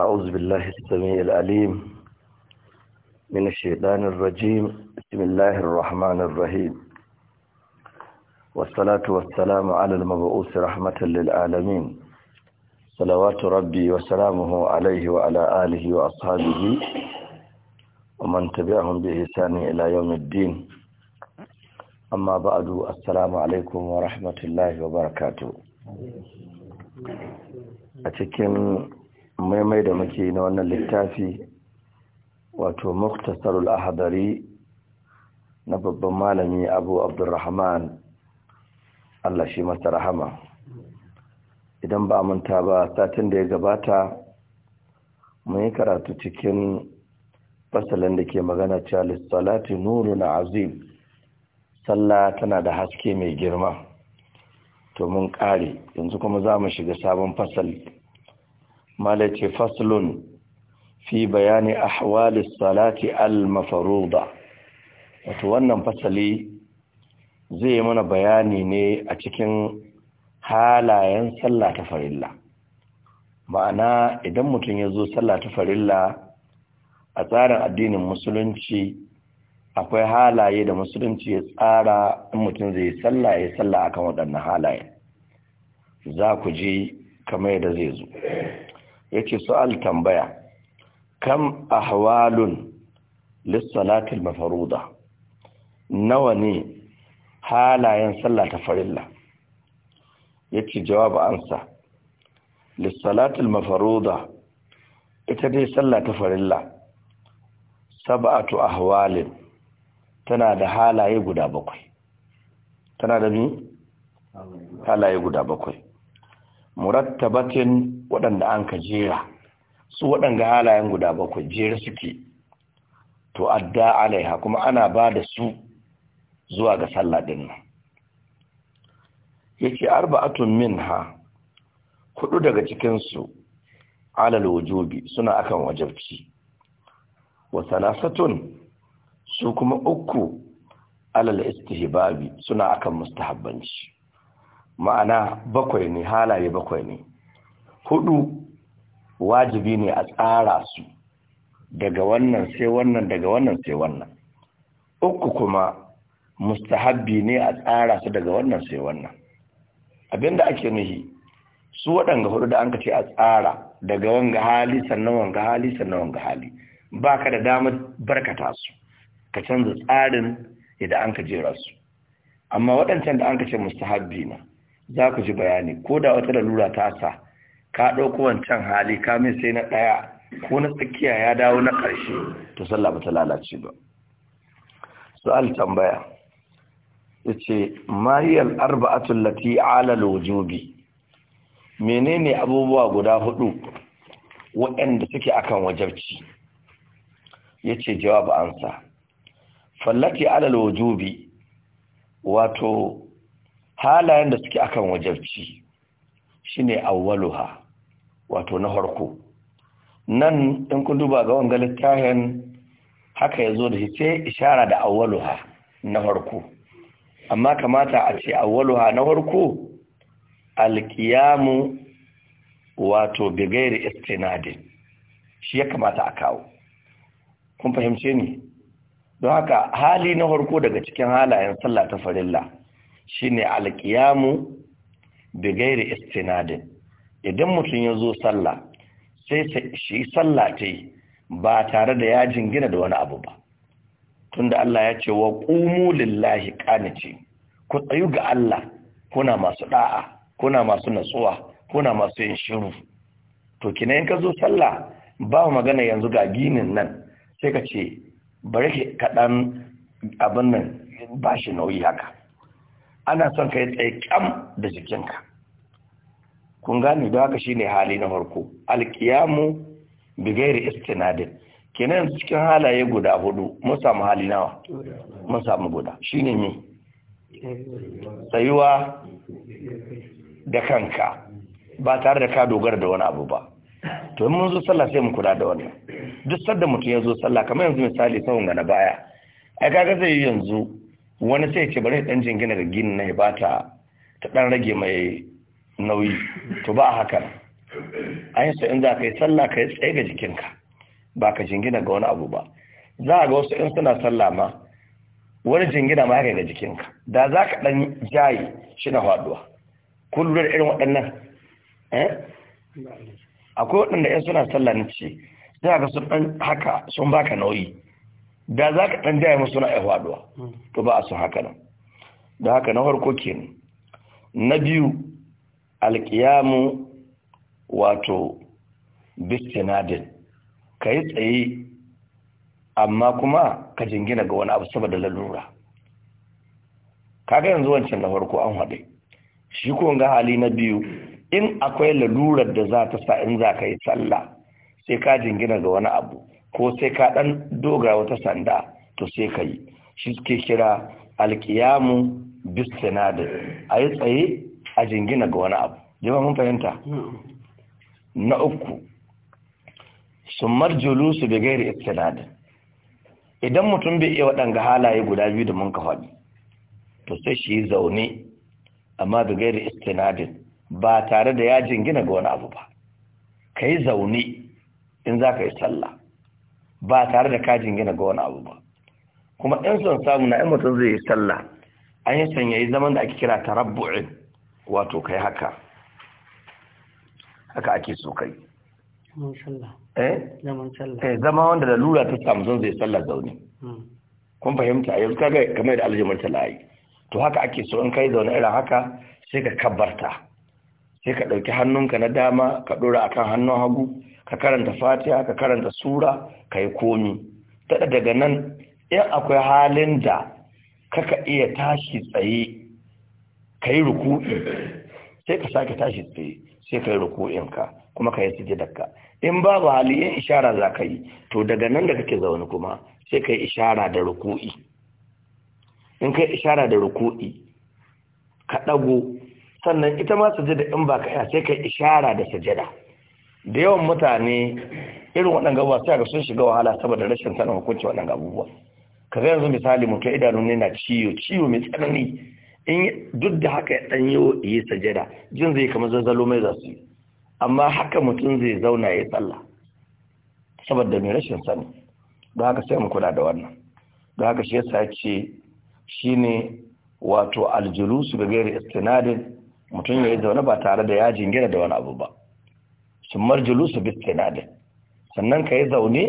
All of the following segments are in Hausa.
أعوذ بالله السميع العليم من الشيطان الرجيم بسم الله الرحمن الرحيم والصلاة والسلام على المبعوث رحمة للعالمين صلوات ربي وسلامه عليه وعلى آله وأصحابه ومن تبعهم بإحسان إلى يوم الدين أما بعد السلام عليكم ورحمة الله وبركاته أتكلم maimai da muke na wannan littafi wato muktasarul ahadari na babban malami abu abdurrahman Allah shi masa rahama idan ba manta ba satin da ya gabata mun yi karatu cikin fasalin da ke magana cewa lissalati nuru na azim sallah tana da haske mai girma to mun kare yanzu kuma za mu shiga sabon fasal. malace faslun fi bayani ahwalis salati al-mafaruda wato wannan fasali zai mana bayani ne a cikin halayen sallah ta farilla ma'ana idan mutum ya zo sallah ta farilla a tsarin addinin musulunci akwai halaye da musulunci ya tsara in mutum zai sallah ya sallah akan waɗannan halaye za ku ji kamar yadda zai zo yace su'al tambaya kam ahwalun lissalatil mafaruda nawa ne halayen sallah ta farilla yace jawabu ansa lissalatil mafaruda ita dai sallah ta farilla sab'atu ahwalin tana da halaye guda bakwai tana da ni halaye guda bakwai murattabatin waɗanda an ka jera su waɗanda halayen guda bakwai jera suke to adda alaiha kuma ana ba da su zuwa ga sallah din nan yace arba'atun ha. hudu daga cikin su alal wujubi suna akan wajabci, wa salasatun su kuma uku alal istihbabi suna akan mustahabbanci ma'ana bakwai ne halaye bakwai ne hudu wajibi ne a tsara su daga wannan sai wannan daga wannan sai wannan uku kuma mustahabbi ne a tsara su daga wannan sai wannan abinda ake nuhi su waɗanga hudu da an ka ce a tsara daga wanga hali sannan wanga hali sannan wanga hali ba ka da damar barkata su ka canza tsarin idan an ka jera su amma waɗancan da an ka ce mustahabbi na za ku ji bayani ko da wata lalura ta sa ka ɗauko wancan hali ka min sai na ɗaya ko na tsakiya ya dawo na ƙarshe to sallah ba ta lalace ba su'al tambaya yace mahiyal arba'atul lati ala alwujubi menene abubuwa guda hudu waɗanda suke akan wajabci yace jawab ansa fallati alal alwujubi wato halayen da suke akan wajabci shine awwaluha wato na farko nan in kun duba ga wanga littafin haka yazo da shi sai ishara da awwaluha na farko amma kamata a ce awwaluha na farko alqiyamu wato bigairi istinadin shi ya kamata a kawo kun fahimce ni don haka hali na farko daga cikin halayen sallah ta farilla shine Alƙiyamu bi gairi istinadin idan mutum ya zo sallah sai shi sallah ta yi ba tare da ya gina da wani abu ba tunda Allah ya ce wa ƙumu lillahi ƙanici ku tsayu ga Allah kuna masu ɗa'a kuna masu natsuwa kuna masu yin shiru to kina in ka zo sallah ba magana yanzu ga ginin nan sai ka ce bari ka kaɗan abin nan ba shi nauyi haka ana son ka yi tsaye kyam da jikinka kun gane da haka shine hali na farko alkiyamu bigairi istinadin kenan cikin halaye guda hudu mun samu hali nawa mun samu guda shine ne tsayuwa da kanka ba tare da ka dogara da wani abu ba to mun zo sallah sai mu kula da wannan duk sadda mutum ya zo sallah kamar yanzu misali sahun ga na baya ai kaga zai yanzu wani sai ce bari dan jingina ga gin na ba ta ta dan rage mai nauyi to ba haka ai sai in za ka yi sallah ka yi tsaye ga jikinka ba ka jingina ga wani abu ba za ga wasu in suna sallah ma wani jingina ma haka ga jikinka da za ka dan jayi shi na haduwa kun irin waɗannan eh akwai waɗanda in suna sallah ne ce za ga sun dan haka sun baka nauyi da za ka ɗan jaya musu na aihuwa to ba a su haka nan da haka na farko kenan na biyu alƙiyamu wato bistinadin ka yi tsaye amma kuma ka jingina ga wani abu saboda lalura kaga yanzu wancan na farko an haɗe shi ko ga hali na biyu in akwai lalurar da za ta sa in za ka yi sallah sai ka jingina ga wani abu ko sai ka ɗan doga wata sanda to sai ka yi shi suke kira alkiyamu bis sinadar a yi tsaye a jingina ga wani abu jima mun fahimta na uku sumar su bi gairi istinadin idan mutum bai iya waɗanga halaye guda biyu da mun ka faɗi to sai shi zaune amma bi gairi istinadin ba tare da ya jingina ga wani abu ba ka yi zaune in za ka yi sallah ba tare da kajin gina ga wani abu ba kuma ɗan son samu na ɗan mutum zai yi sallah an yi sanya yi zaman da ake kira tarabbu'in wato kai haka haka ake so kai eh? eh, zama wanda da lura ta samu zan zai sallah zaune hmm. kun fahimta yanzu kaga kamar da aljihun ta la'ayi to haka ake so in kai zaune irin haka sai ka kabarta. sai ka ɗauki hannunka na dama ka ɗora akan hannun hagu ka karanta fatiha ka karanta sura ka yi komi tada daga nan in akwai halin da kaka iya tashi tsaye ka yi ruku'i sai ka sake tashi tsaye sai ka yi ruku'inka kuma ka yi daga in babu hali in ishara za ka yi to daga nan da kake zaune kuma sai ka yi ishara da ruku'i in ka yi ishara da ruku'i ka ɗago sannan ita ma sujada in ba ka yi sai ka yi ishara da sujada da yawan mutane irin waɗanda ba sai ga sun shiga wahala saboda rashin sanin hukunci waɗanda abubuwa ka ga yanzu misali mutum idanu ne na ciwo ciwo mai tsanani in duk da haka ya ɗanyo yi sajada jin zai kama zazzalo mai zasu amma haka mutum zai zauna ya tsalla saboda mai rashin sani don haka sai mu kula da wannan don haka shi yasa ce shi ne wato aljulusu ga gairi istinadin mutum ya yi zaune ba tare da yajin gina da wani abu ba cimmar julusu bistinadin sannan ka yi zaune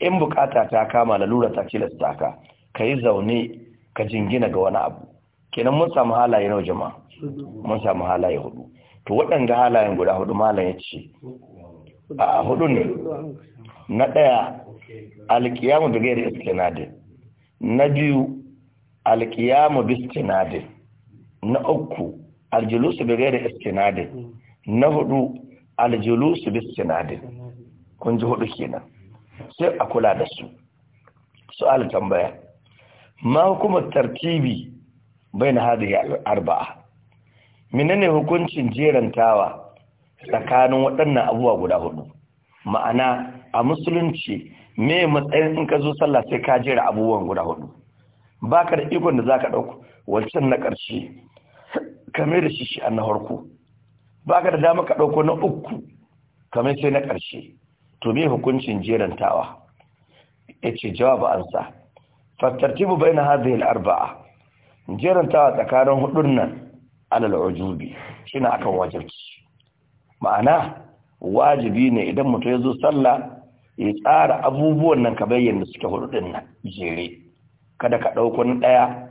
in bukata ta kama lalura ta tilasta ka ka yi zaune ka jingina ga wani abu kenan mun samu halaye nawa jama'a mun samu halaye hudu to waɗanda halayen guda hudu malam ya ce a hudu ne na ɗaya alkiyamu da gairi istinadin na biyu alkiyamu bis istinadin na uku aljulusu da gairi istinadin na hudu su bis sinadin kun ji hudu kenan sai a kula da su su'al tambaya ma hukumar tartibi baina hadhihi arba'a menene hukuncin jerantawa tsakanin waɗannan abubuwa guda hudu ma'ana a musulunci me matsayin in ka zo sallah sai ka jera abubuwan guda hudu baka da ikon da zaka dauko wancan na ƙarshe kame da shi shi an na farko ba ka da dama ka ɗauko na uku kamar sai na ƙarshe to me hukuncin jerantawa ya ce jawabu ansa fattartibu bai na hadhihi arba'a jerantawa tsakanin hudun nan alal ujubi na akan wajibci ma'ana wajibi ne idan mutum ya zo sallah ya tsara abubuwan nan ka bayyana suke hudun nan jere kada ka ɗauko na ɗaya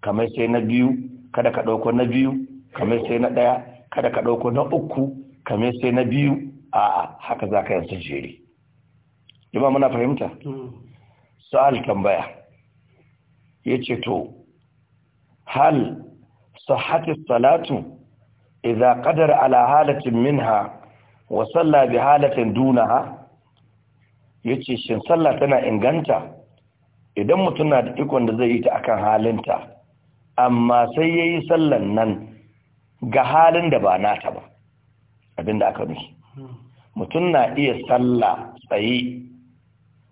kamar sai na biyu kada ka ɗauko na biyu kamar sai na ɗaya kada ka ɗauko na uku kame sai na biyu a'a haka za ka yanzu jere ima muna fahimta sa'al tambaya ya ce to hal sahati salatu idza ƙadar ala halatin minha wa salla bi halatin dunaha yace shin sallah tana inganta idan mutum na da ikon da zai yi ta akan halinta amma sai yayi sallan nan ga halin da ba nata ba abinda aka nufi mutum na iya sallah tsaye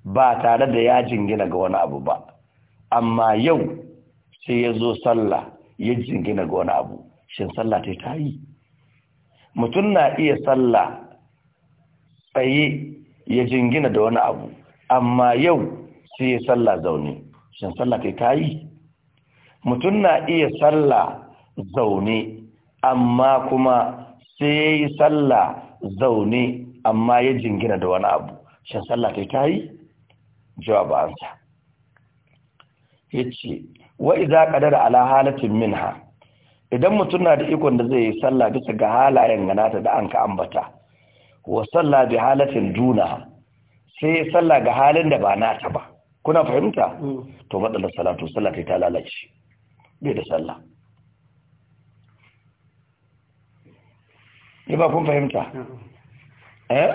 ba tare da ya jingina ga wani abu ba amma yau sai ya zo sallah ya jingina ga wani abu shin sallah ta yi ta yi mutum na iya sallah tsaye ya jingina da wani abu amma yau sai ya sallah zaune shin sallah ta yi ta yi mutum na iya sallah zaune amma kuma sai yi sallah zaune amma ya jingina da wani abu shan sallah yi ta yi jawaba sa. ya ce wa iza dara ala halatin minha idan mutum na da ikon da zai yi sallah bisa ga halayen ganata da an ka ambata wa sallah bi halatin duna sai sallah ga halin da ba nata ba kuna fahimta mm. to matsalar salatu sallah ta lalace bai da sallah ne ba kun fahimta eh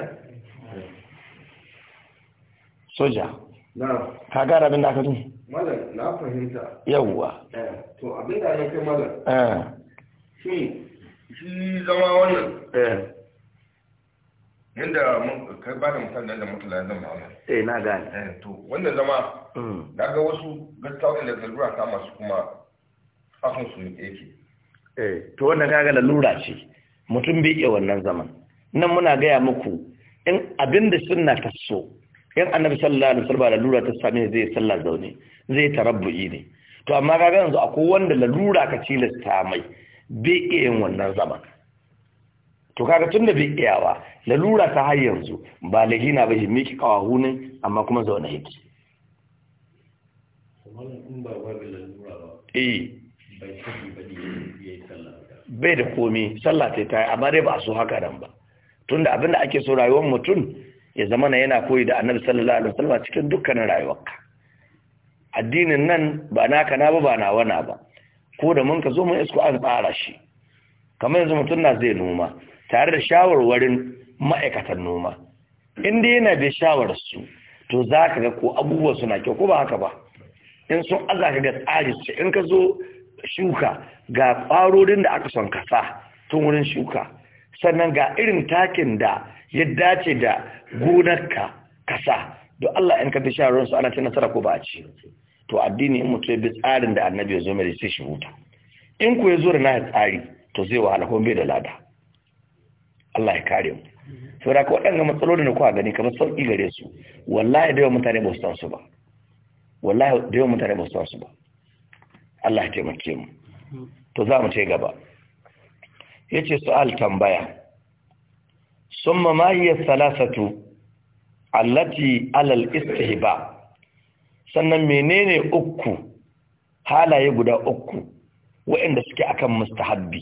soja ka gara abin da aka tun malam na fahimta yawwa eh, to abin da ya kai malam eh shi shi zama wannan eh yadda kai ba da mutane da mutane da ma'amala eh na gane eh, to wannan zama hmm. na ga wasu gaskiya da zalura ta masu kuma kafin su yake eh to wannan ga lalura ce mutum bai iya wannan zaman nan muna gaya muku in abin da sunna ta so in annabi sallallahu alaihi wasallam lalura ta same zai sallah zaune zai tarabbu'i ne to amma kaga yanzu akwai wanda lalura ka cilasta mai bai iya yin wannan zaman to kaga tun da bai ba, lalura ta har yanzu ba lahina ba miki kawahu ne amma kuma zaune hiki eh bai sani ba ne yayi sallah bai da komi sallah ta yi amma dai ba so haka nan ba tunda abinda ake so rayuwar mutum ya zama na yana koyi da annabi sallallahu alaihi wasallam cikin dukkanin rayuwarka addinin nan ba naka na ba ba nawa na ba ko da mun ka zo mun isko an tsara shi kamar yanzu mutum na zai noma tare da shawarwarin ma'aikatan noma in dai yana bai shawarar su to za ka ga ko abubuwa suna kyau ko ba haka ba in sun aza ka ga tsari su in ka zo shuka ga ƙwarorin da aka son kasa tun wurin shuka sannan ga irin takin da ya dace da gonarka kasa don Allah in ka fi ruwan su ana ta nasara ko ba a ci to addini in mutu ya bi tsarin da annabi ya zo mai sai shi huta in ku ya zo da na tsari to zai wahala ko bai da lada Allah ya kare mu sau da ka ga matsalolin da kuwa gani kamar sauƙi gare su wallahi da yawan mutane ba su san su ba wallahi da yawan mutane ba su san su ba Allah ya taimake mu to za mu ce gaba yace su'al tambaya summa ma hiya salasatu allati alal istihba sannan menene uku halaye guda uku waɗanda suke akan mustahabbi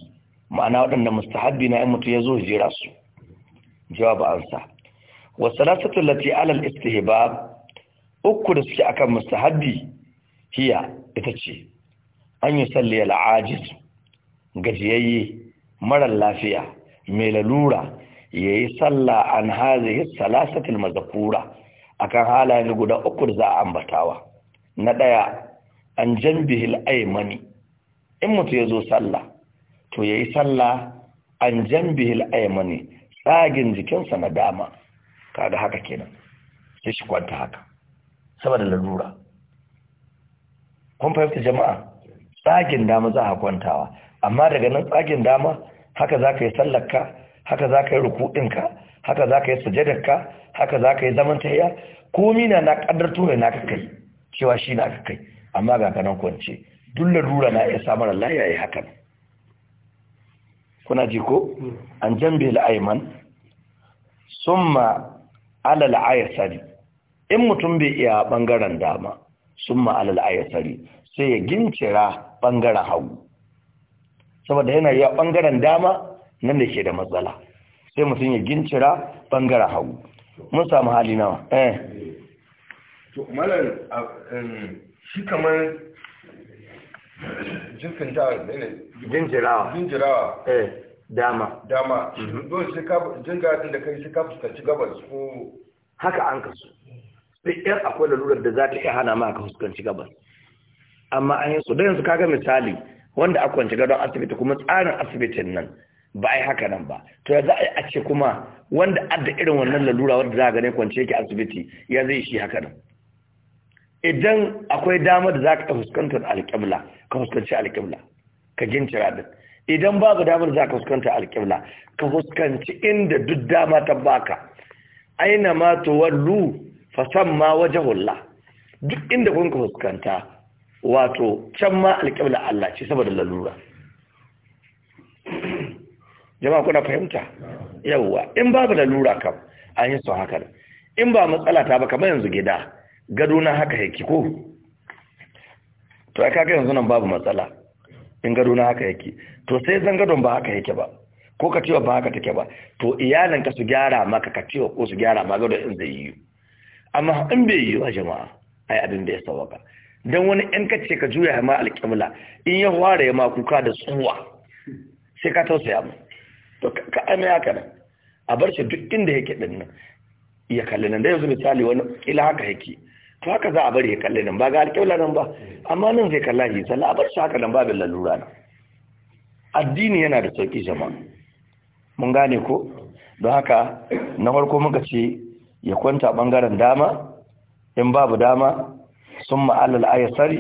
ma'ana waɗanda mustahabbi na ɗan mutu ya zo jira su jawabu ansa wa salasatu allati alal istihbab uku da suke akan mustahabbi hiya ita ce an yi salli al'ajiz gajiyayye marar lafiya mai lalura ya yi salla an yi salasatul mazakura akan halayen guda uku da za a ambatawa na ɗaya an jan bihil aimani in mutu ya zo sallah to ya yi sallah an jan bihil aimani tsagin jikinsa na dama kaga haka kenan sai shi kwanta haka saboda lalura kun fahimta jama'a tsagin dama za a kwantawa amma daga nan tsagin dama haka za ka yi sallarka haka za ka yi rukudinka haka za ka yi sujadarka haka za ka yi zaman tahiya komi na na kaddar tura na kai cewa shi na kai amma ga kanan kwance duk larura na iya samar Allah ya yi hakan kuna ji ko an jambe la'aiman summa alal ayasari in mutum bai iya bangaren dama summa alal ayasari sai ya gincira ɓangaren hagu saboda yana yi ɓangaren dama nan da ke da matsala sai mutum ya gincira ɓangaren hagu mun samu hali nawa eh to malar shi kamar jinsin ta jinjirawa eh, jinjirawa eh dama dama mhm. don shi ka jinga da kai sai ka fuskanci gabas ko haka an kasu sai yan akwai lalurar da za ta iya hana ma ka fuskanci gabas amma an yi su yanzu kaga misali wanda a kwanci gadon asibiti kuma tsarin asibitin nan ba a yi haka nan ba to ya za a yi a ce kuma wanda adda irin wannan lalura wanda za a gane kwanci yake asibiti ya zai shi haka nan idan akwai damar da za ka fuskantar alƙibla ka fuskanci alƙibla ka gincin din idan babu damar za ka fuskanta alƙibla ka fuskanci inda duk dama ta baka aina ma tuwallu fa samma wajhullah duk inda kun ka fuskanta wato can ma alƙibla Allah ce saboda lalura jama'a kuna fahimta yawwa in babu lalura kam an yi son haka in ba matsala ta ba kamar yanzu gida gado na haka yake ko to ai kaga yanzu nan babu matsala in gado na haka yake to sai zan gadon ba haka yake ba ko ka cewa ba haka take ba to iyalan ka su gyara maka ka cewa ko su gyara ma gado in zai yi amma in bai yi wa jama'a ai abin da ya sauka don wani ‘yan kacce ka juya ma alƙimla in ya ware ya ma kuka da tsuwa sai ka tausaya mu to ka aime haka nan a bar shi duk inda yake din nan ya kalli nan da yanzu misali wani ila haka yake to haka za a bari ya kalli nan ba ga alƙimla nan ba amma nan zai kalla shi sallah a bar shi haka nan ba bin lalura nan addini yana da sauƙi jama'a mun gane ko don haka na farko muka ce ya kwanta ɓangaren dama in babu dama summa alal ayasari,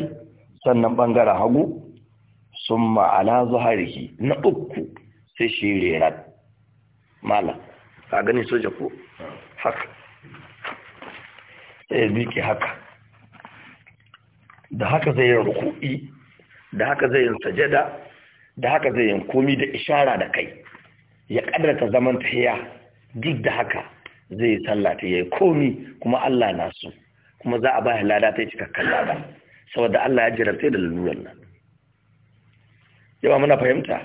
sannan ɓangaren hagu summa ala zuhariki na uku sai shi rera mala a gani soja ko haka sai biki haka da haka zai yin ruku'i da haka zai yin sajada da haka zai yin komi da ishara da kai ya ƙadarta zaman tahiya duk da haka zai yi sallata yi komi kuma Allah na so kuma za a ba lada ta yi cikakken lada saboda Allah ya jirarta da lalurar nan yawa muna fahimta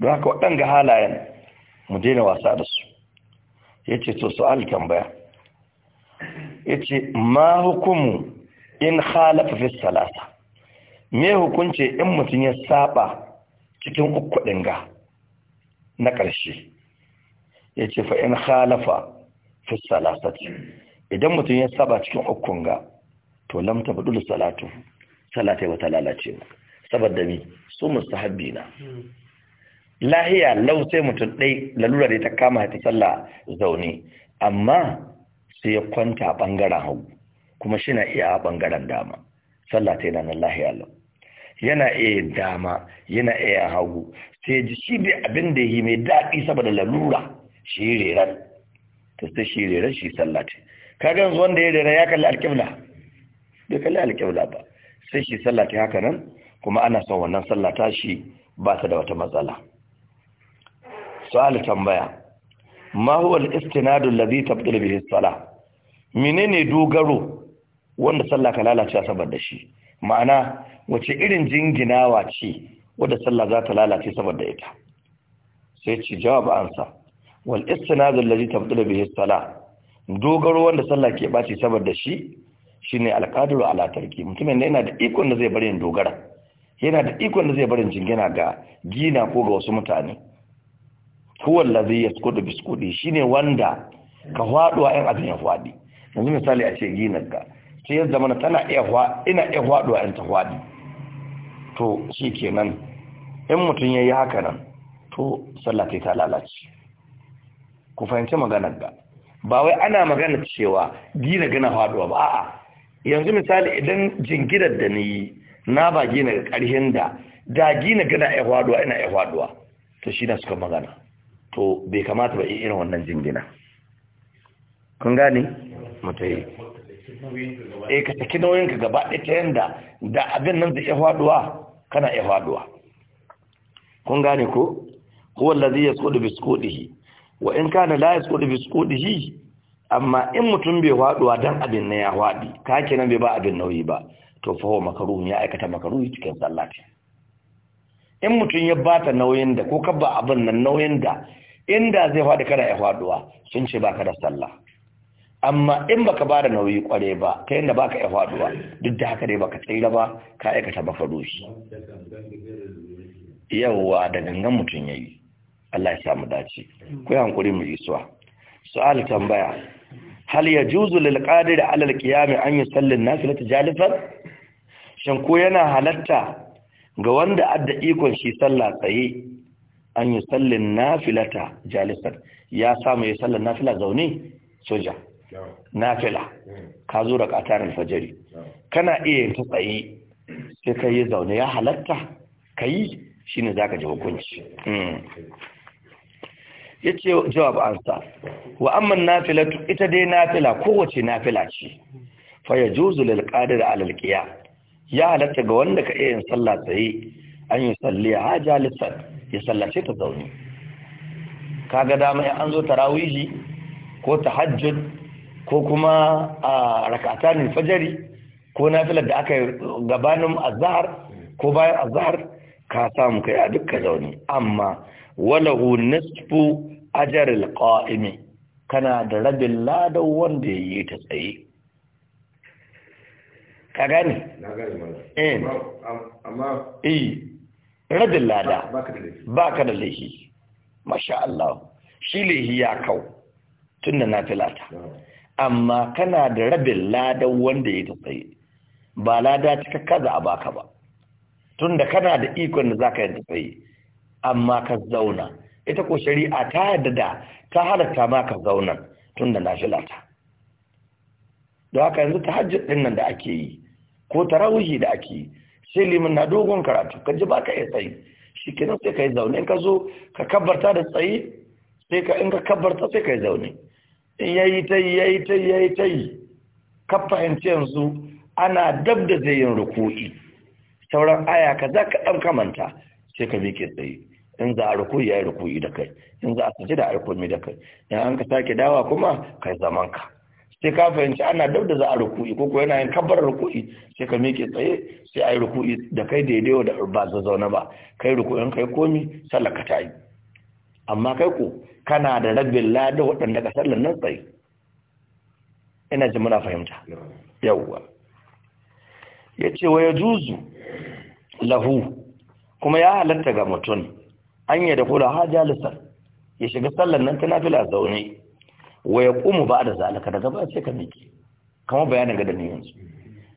don haka ga halayen mu daina wasa da su ya ce to su tambaya ya ce ma hukumu in halafa fi me hukunce in mutum ya saba cikin uku ɗinga na ƙarshe ya ce fa in halafa fi ce. idan mutum ya saba cikin ukun ga to lamta budul salatu salata ba ta lalace ba saboda mi su mustahabbi na lahiya lau sai mutum dai lalura da ta kama ta sallah zaune amma sai ya kwanta bangaren hagu kuma shi na iya bangaren dama sallah ta yana nan lahiya lau yana iya dama yana iya hagu sai ji shi bai abin da yi mai daɗi saboda lalura shi reran to sai shi reran shi sallah ta kaga yanzu wanda ya dare ya kalli alƙibla bai kalli alƙibla ba sai shi sallah ta haka nan kuma ana son wannan sallah ta shi ba ta da wata matsala su'al tambaya ma huwa al-istinadu alladhi tabdil bihi as-salah menene dogaro wanda sallah ka lalace saboda shi ma'ana wace irin jinginawa ce wadda sallah za ta lalace saboda ita sai ce jawab ansa wal istinadu alladhi tabdil bihi as-salah dogaro wanda sallah ke baci saboda shi shine alqadiru ala tarki mutumin da yana da ikon da zai bari yin dogara yana da ikon da zai bari jingina ga gina ko ga wasu mutane huwa allazi yasqutu Shi shine wanda ka a yan abin ya fadi yanzu misali a ce gina ga sai ya zama tana iya ina iya faduwa yan ta fadi to shikenan in ya yayi haka nan to sallah ta lalace ku fahimci maganar ga ba wai ana magana cewa gina gana faduwa ba a'a yanzu misali idan jingirar da ni na ba gina ga ƙarshen da da gina gana ya faduwa ina ya faduwa to shi na suka magana to bai kamata ba irin wannan jingina kun gane mutai eh ka saki nauyin ka gaba ɗaya ta yanda da abin nan zai iya faduwa kana ya faduwa kun gane ko huwa allazi yasqudu biskudihi wa in kana la yasqudu bi suqudihi amma in mutum bai faduwa dan abin na ya fadi ka nan bai ba abin nauyi ba to fa makaruhi ya aikata makaruhi cikin sallati in mutum ya bata nauyin da ko kabba abin nan nauyin da inda zai fadi kada ya faduwa sun ce baka da sallah amma in baka bada nauyi kware ba kai inda baka ya faduwa duk da haka dai baka tsira ba ka aikata makaruhi yawa da gangan mutum yayi Allah ya samu dace ku hankuri mu isuwa su'al tambaya hal ya lil qadir ala al qiyam an yusalli an-nafilata jalifan shin ko yana halatta ga wanda adda ikon shi sallah tsaye an yusalli an-nafilata jalifan ya samu ya sallar nafila zaune soja nafila ka zo da fajari kana iya ta tsaye sai ka yi zaune ya halatta ka shine zaka za ka ji hukunci hmm. ya ce jawab ansa wa amman nafila ita dai nafila kowace nafila ce fa ya juzu lil qadir ala ya halatta ga wanda ka yin sallah sai an yi salli ha jalisan ya sallace ta zaune kaga dama in an zo tarawihi ko tahajjud ko kuma a rak'atan fajari ko nafilar da aka yi gabanin azhar ko bayan azhar ka samu kai a dukkan zaune amma walahu nisfu ajaril qa'imi kana da rabin ladan wanda ya yi ta tsaye ka gani eh. amma eh. rabin lada ba ka da laihi masha Allah shi laihi ya kau tun da na filata amma kana da rabin ladan wanda ya ta tsaye ba lada cika kaza a baka ba tun da kana da ikon da za ka yi ta tsaye amma ka zauna ita ko shari'a ta da ta halatta ma ka zauna tun da nafila ta don haka yanzu tahajjud din nan da ake yi ko tarawihi da ake yi sai limin na dogon karatu ka ji baka iya tsayi shi kenan sai ka yi zaune in ka zo ka kabbarta da tsayi sai ka in ka kabbarta sai ka yi zaune in yayi ta yi yayi ta yi yayi ta yi ka fahimci yanzu ana dab da zai yin ruku'i sauran aya ka za ka ɗan kamanta sai ka miƙe tsaye in za a rukuyi ya yi rukuyi da kai in za a da a rukumi da kai in an ka sake dawa kuma kai zaman ka sai ka fahimci ana dab da za a rukuyi ko yana yin kabar rukuyi sai ka miƙe tsaye sai a yi rukuyi da kai daidai da ba zaune ba kai rukuyin kai komi sallar ka ta yi amma kai ko kana da rabin lada waɗanda ka sallar nan tsaye ina ji muna fahimta yawwa ya ce wa ya juzu lahu kuma ya halatta ga mutum an yi da kula ha jalisar ya shiga sallan nan ta nafila zaune wa ya kumu ba da zalaka daga ba sai ka miki kamar bayanin ga dalilin yanzu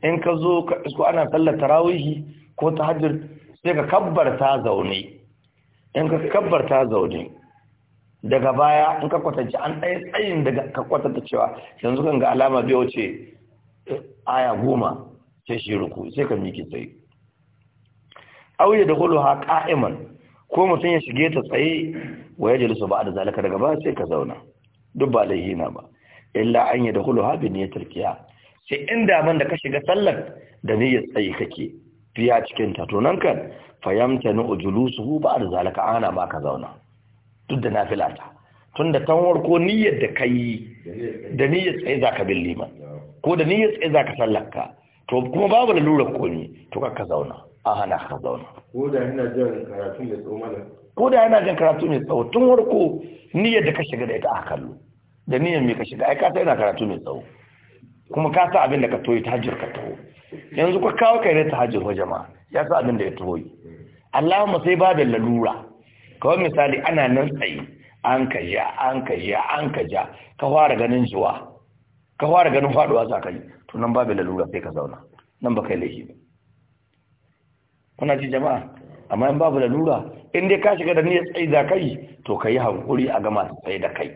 in ka zo ka isko ana sallar tarawihi ko hajjar sai ka ta zaune in ka ta zaune daga baya in ka kwatanci an ɗaya tsayin daga ka kwatanta cewa yanzu kan ga alama biyo ce eh, aya goma sai shi ruku sai ka miki tsaye auye da hulu ha ka'iman ko mutum ya shige ta tsaye wa ya jalisu ba a da zalika daga ba sai ka zauna duk ba laihi na ba illa an yi da hulu habi ne ya tarkiya sai in daman da ka shiga sallar da ya tsaye kake fiya cikin tatonan kan nan na fayamta ni hu ba da zalika ana ba ka zauna duk da nafila ta tun da tan warko niyyar da yi da niyyar tsaye za ka bin liman ko da niyyar tsaye za sallar ka to kuma babu lalurar komi to ka zauna a hana ka zauna ko yana jan karatu mai tsawo mana ko yana jan karatu mai tsawo tun warko niyyar da ka shiga da ita a kallo da niyyar mai ka shiga ai ka yana karatu mai tsawo kuma ka sa abin da ka toyi tahajjud ka taho yanzu ka kawo kai ne tahajjud wa jama'a ya sa abin da ya toyi Allahumma sai ba da lalura kawai misali ana nan tsaye an ka ja an ka ja an ka ja ka fara ganin zuwa ka fara ganin faduwa sakai to nan babu lalura sai ka zauna nan ba kai laifi ba kuna ji jama'a amma in babu lalura in dai ka shiga da niyyar tsayi da kai to ka yi hankuri a gama tsayi da kai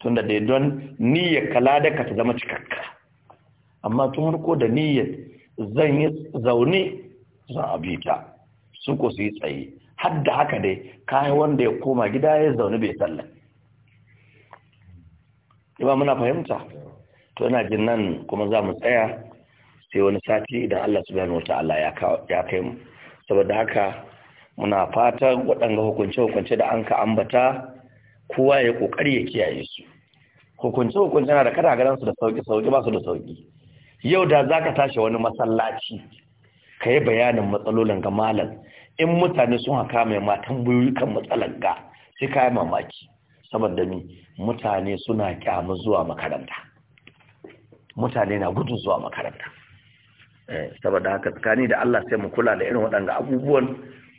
tunda dai don niyyar kala da ka ta zama cikakka amma tun harko da niyyar zan yi zaune bi ta su ko su yi tsaye har da haka dai kayan wanda ya koma gida ya zaune bai sallah ba muna fahimta to ina jin nan kuma za mu tsaya sai wani sati idan Allah subhanahu wataala ya ya kai mu saboda haka muna fatan waɗanga hukunce-hukunce da an ka ambata kowa ya kokari ya kiyaye su hukunce-hukunce na da kada ganin su da sauki sauki ba su da sauki yau da zaka tashi wani masallaci ka yi bayanin matsalolin ga malam in mutane sun haka mai ma tambayoyi kan matsalar ga sai ka mamaki saboda ni mutane suna kyamu zuwa makaranta mutane na gudu zuwa makaranta Eh, saboda haka tsakani da Allah sai mu kula da irin waɗanda abubuwan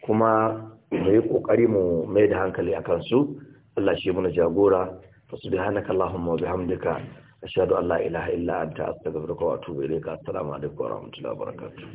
kuma mu yi ƙoƙari mu mai da hankali a kansu Allah shi muna jagora fa subhanaka allahumma wa bihamdika ashhadu an Allah ilaha illa anta astaghfiruka wa atubu ilayka assalamu alaikum wa rahmatullahi wa barakatuh